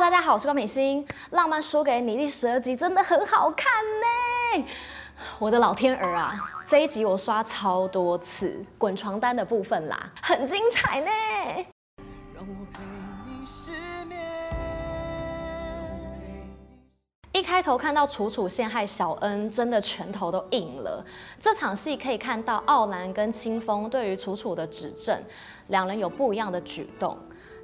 大家好，我是官品心。《浪漫輸給你》第十二集真的很好看呢！我的老天鵝啊，這一集我刷超多次，滾床單的部分啦，很精彩呢。讓我陪你失眠。一開頭看到楚楚陷害小恩，真的拳頭都硬了。這場戲可以看到傲然跟清風對於楚楚的指證，兩人有不一樣的舉動。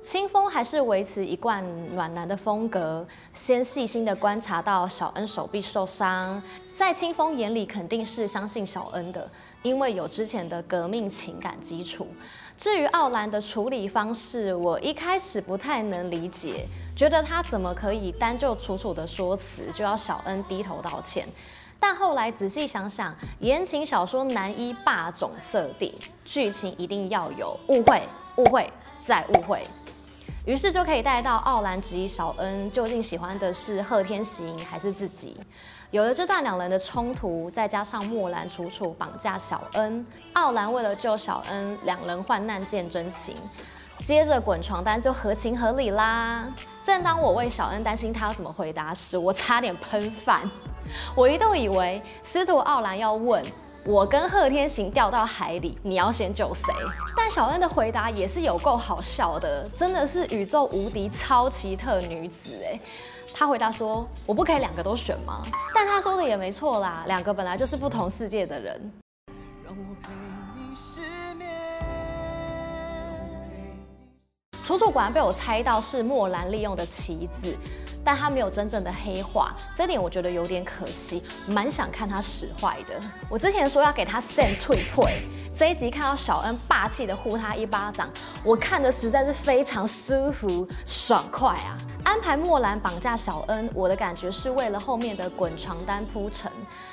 青風還是維持一貫暖男的風格，先細心的觀察到曉恩手臂受傷，在青風眼裡肯定是相信曉恩的，因為有之前的革命情感基礎。至於傲然的處理方式，我一開始不太能理解，覺得他怎麼可以單就楚楚的說辭就要曉恩低頭道歉？但後來仔細想想，言情小說男一霸總設定，劇情一定要有誤會，誤會再誤會。於是就可以帶到傲然質疑曉恩究竟喜歡的是賀天行還是自己。有了這段兩人的衝突，再加上默然楚楚綁架曉恩，傲然為了救曉恩，兩人患難見真情，接着滾床單就合情合理啦。正當我為曉恩擔心他要怎麼回答時，我差點噴飯。我一度以為司徒傲然要問。我跟賀天行掉到海裡，你要先救誰？但小恩的回答也是有夠好笑的，真的是宇宙無敵超奇特女子哎！她回答說：“我不可以兩個都選嗎？”但她說的也沒錯啦，兩個本來就是不同世界的人。楚楚果然被我猜到是默然利用的棋子。但他沒有真正的黑化，這點我覺得有點可惜，蠻想看他使壞的。我之前說要給他 send 脆皮，這一集看到曉恩霸氣的呼他一巴掌，我看得實在是非常舒服爽快啊！安排默然綁架曉恩，我的感覺是為了後面的滾床單鋪陳，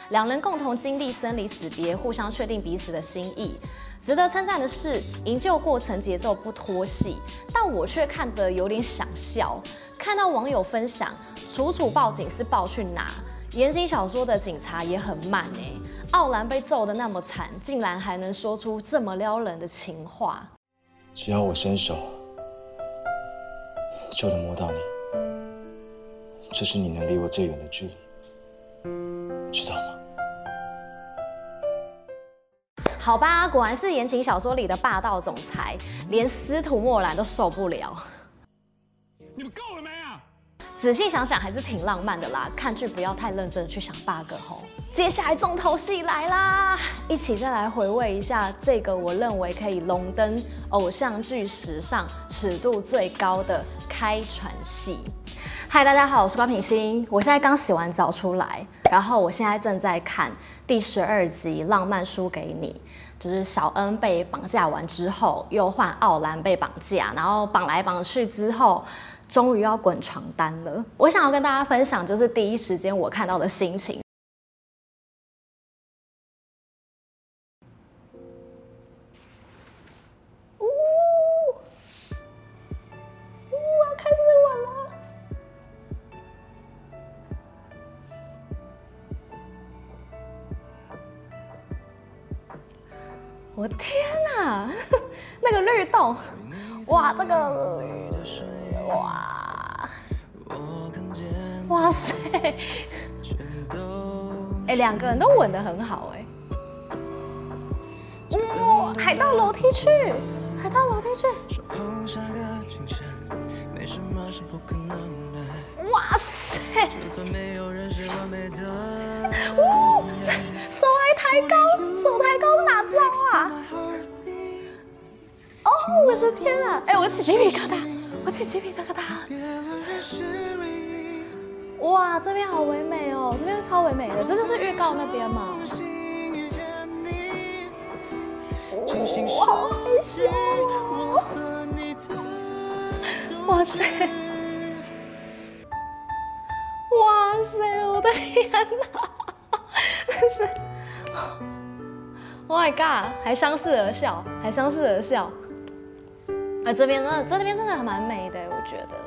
兩人共同經歷生離死別，互相確定彼此的心意。值得稱讚的是，營救過程節奏不拖戲，但我卻看得有點想笑。看到網友分享，楚楚報警是報去哪？言情小說的警察也很慢呢、欸。傲然被揍得那麼慘，竟然還能說出這麼撩人的情話。只要我伸手，就能摸到你，這就是你能離我最遠的距離，知道嗎？好吧，果然是言情小說裡的霸道總裁，連司徒默然都受不了。你們夠了沒啊？仔細想想還是挺浪漫的啦。看劇不要太認真去想 bug 吼。接下來重頭戲來啦！一起再來回味一下這個我認為可以榮登偶像劇史上尺度最高的開船戲。嗨，大家好，我是官品心。我現在剛洗完澡出來，然後我現在正在看第十二集《浪漫輸給你》，就是曉恩被綁架完之後，又換傲然被綁架，然後綁來綁去之後。終於要滾床單了！我想要跟大家分享，就是第一時間我看到的心情。哦，我要開始滾啦！ 我天哪，那個律動， 哇，這個，哇。哇塞！哎、欸，兩個人都吻得很好哎、欸。哇、哦，還到樓梯去，還到樓梯去。哇塞！哇，手還抬高，手抬高哪招啊？哦，我的天啊！哎、欸，我起雞皮疙瘩，我起雞皮疙瘩。哇，這邊好唯美哦，這邊超唯美的，這就是預告那邊嘛、啊啊啊啊啊。哇塞！哇塞！我的天哪、啊！真是，Oh my god！還相視而笑，還相視而笑。哎、啊，這邊真的，這邊真的還蠻美的，我覺得。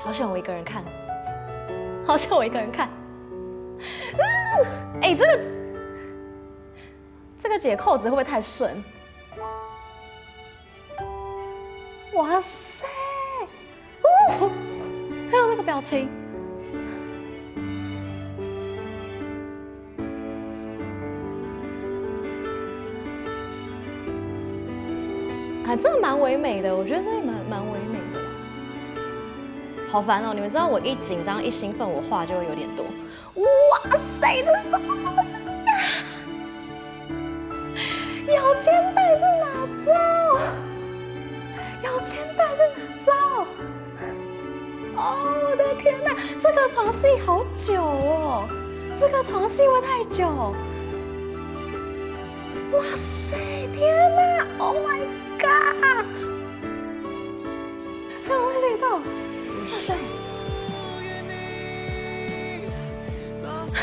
好想我一個人看，好想我一個人看。哎、嗯欸，這個這個解釦子會不會太順？哇塞！哦，還有那個表情。啊、欸，真的蠻唯美的，我覺得這也蠻蠻唯。好煩哦！你們知道我一緊張一興奮，我話就會有點多。哇塞，這什麼東西啊？咬肩帶是哪招？咬肩帶是哪招？哦，我的天哪！這個床戲好久哦，這個床戲會太久。哇塞，天哪！Oh my god！還有味道。哇塞！哇塞！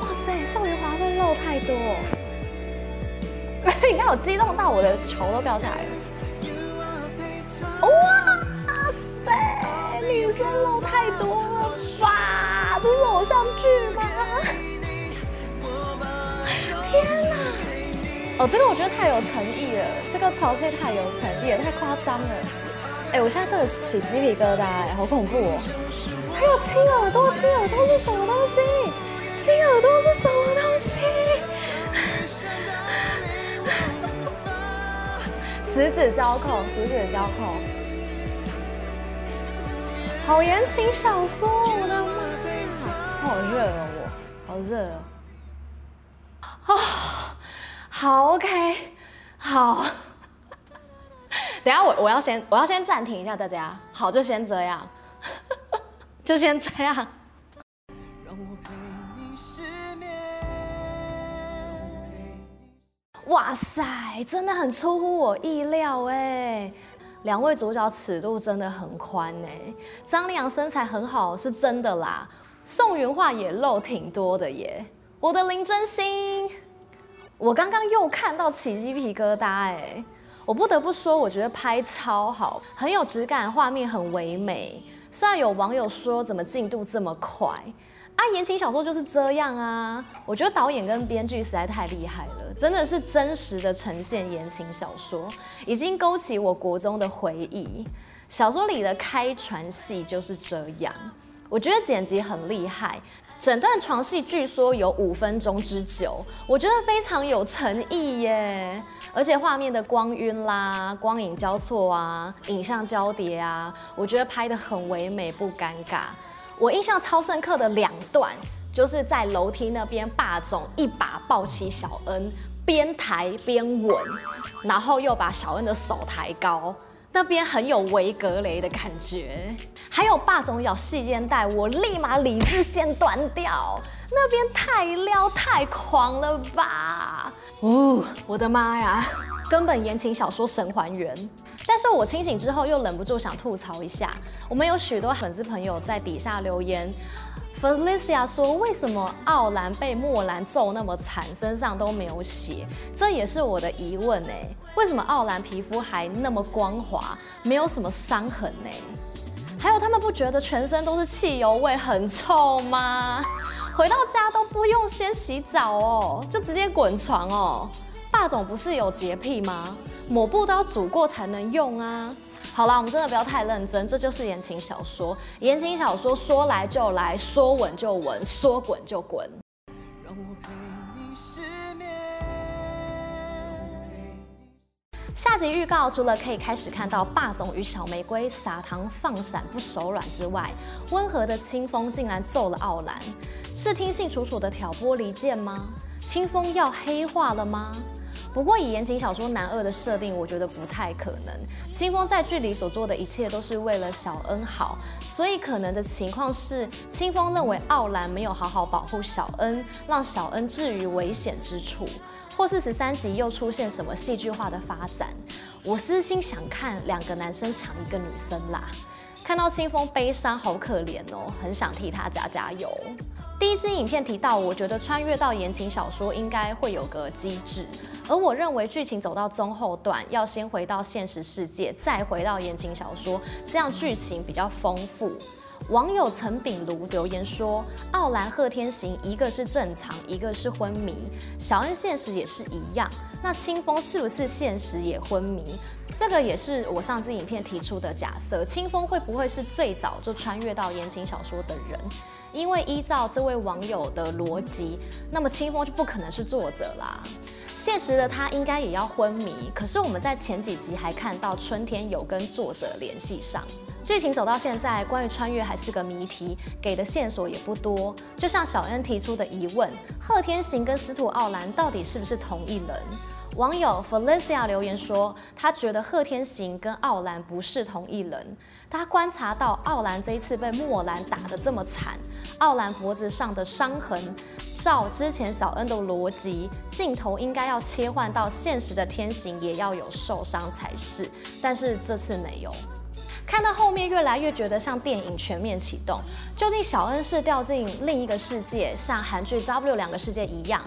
哇塞！宋芸樺會露太多、哦， 你看我激動到我的球都掉下來了！哇塞，厲害了！哦，這個我覺得太有誠意了，這個床戲太有誠意，太誇張了。哎，我現在真的起雞皮疙瘩、欸，好恐怖哦！還有親耳朵，親耳朵是什麼東西？親耳朵是什麼東西？ 十指交扣，十指交扣，好言情小說，我的媽！好熱哦，我好熱哦，啊、哦！好，OK，好。 等下我我要先我要先暫停一下，大家好，就先這樣， 就先這樣。讓我陪你失眠，哇塞，真的很出乎我意料哎！兩位主角尺度真的很寬哎，張立昂身材很好是真的啦，宋芸樺也露挺多的耶，我的林真心。我剛剛又看到起雞皮疙瘩哎、欸！我不得不說，我覺得拍超好，很有質感，畫面很唯美。雖然有網友說怎麼進度這麼快？啊，言情小說就是這樣啊！我覺得導演跟編劇實在太厲害了，真的是真實的呈現言情小說，已經勾起我國中的回憶。小說裡的開船戲就是這樣，我覺得剪輯很厲害。整段床戲據說有五分鐘之久，我覺得非常有誠意耶。而且畫面的光暈啦、光影交錯啊、影像交疊啊，我覺得拍得很唯美不尷尬。我印象超深刻的兩段，就是在樓梯那邊霸總一把抱起曉恩，邊抬邊吻，然後又把曉恩的手抬高，那邊很有維格雷的感覺，還有霸總咬細肩帶，我立馬理智線斷掉。那邊太撩太狂了吧！哦，我的媽呀，根本言情小說神還原。但是我清醒之後又忍不住想吐槽一下，我們有許多粉絲朋友在底下留言。Felicia 說：“為什麼傲然被默然揍那麼慘，身上都沒有血？這也是我的疑問呢。為什麼傲然皮膚還那麼光滑，沒有什麼傷痕呢？還有，他們不覺得全身都是汽油味，很臭嗎？回到家都不用先洗澡哦，就直接滾床哦。霸總不是有潔癖嗎？抹布都要煮過才能用啊。”好了，我們真的不要太認真，這就是言情小說。言情小說說來就來，說吻就吻，說滾就滾。讓我陪你失眠。下集預告除了可以開始看到霸總與小玫瑰撒糖放閃不手軟之外，溫和的青風竟然揍了傲然，是聽信楚楚的挑撥離間嗎？青風要黑化了嗎？不過，以言情小說男二的設定，我覺得不太可能。青風在劇裡所做的一切都是為了曉恩好，所以可能的情況是，青風認為傲然沒有好好保護曉恩，讓曉恩置於危險之處，或是十三集又出現什麼戲劇化的發展。我私心想看兩個男生搶一個女生啦。看到青風悲傷，好可憐哦，很想替他加加油。第一支影片提到，我覺得穿越到言情小說應該會有個機製，而我認為劇情走到中後段，要先回到現實世界，再回到言情小說，這樣劇情比較豐富。網友陳炳如留言說：“傲然賀天行一個是正常，一個是昏迷，曉恩現實也是一樣，那青風是不是現實也昏迷？”這個也是我上次影片提出的假設，青風會不會是最早就穿越到言情小說的人？因為依照這位網友的邏輯，那麼青風就不可能是作者啦。現實的他應該也要昏迷，可是我們在前幾集還看到春天有跟作者聯繫上。劇情走到現在，關於穿越還是個謎題，給的線索也不多。就像小恩提出的疑問，賀天行跟司徒傲然到底是不是同一人？網友 Felicia 留言說，他覺得賀天行跟傲然不是同一人。他觀察到傲然這一次被默然打得這麼慘，傲然脖子上的傷痕，照之前小恩的邏輯，鏡頭應該要切換到現實的天行也要有受傷才是，但是這次沒有。看到後面，越來越覺得像電影全面啟動。究竟小恩是掉進另一個世界，像韓劇 W 兩個世界一樣？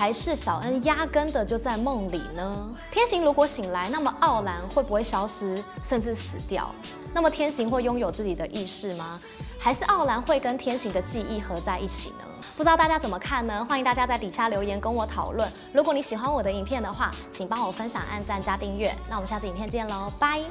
還是曉恩壓根的就在夢裡呢？天行如果醒來，那麼傲然會不會消失，甚至死掉？那麼天行會擁有自己的意識嗎？還是傲然會跟天行的記憶合在一起呢？不知道大家怎麼看呢？歡迎大家在底下留言跟我討論。如果你喜歡我的影片的話，請幫我分享、按贊加訂閱。那我們下次影片見嘍，拜！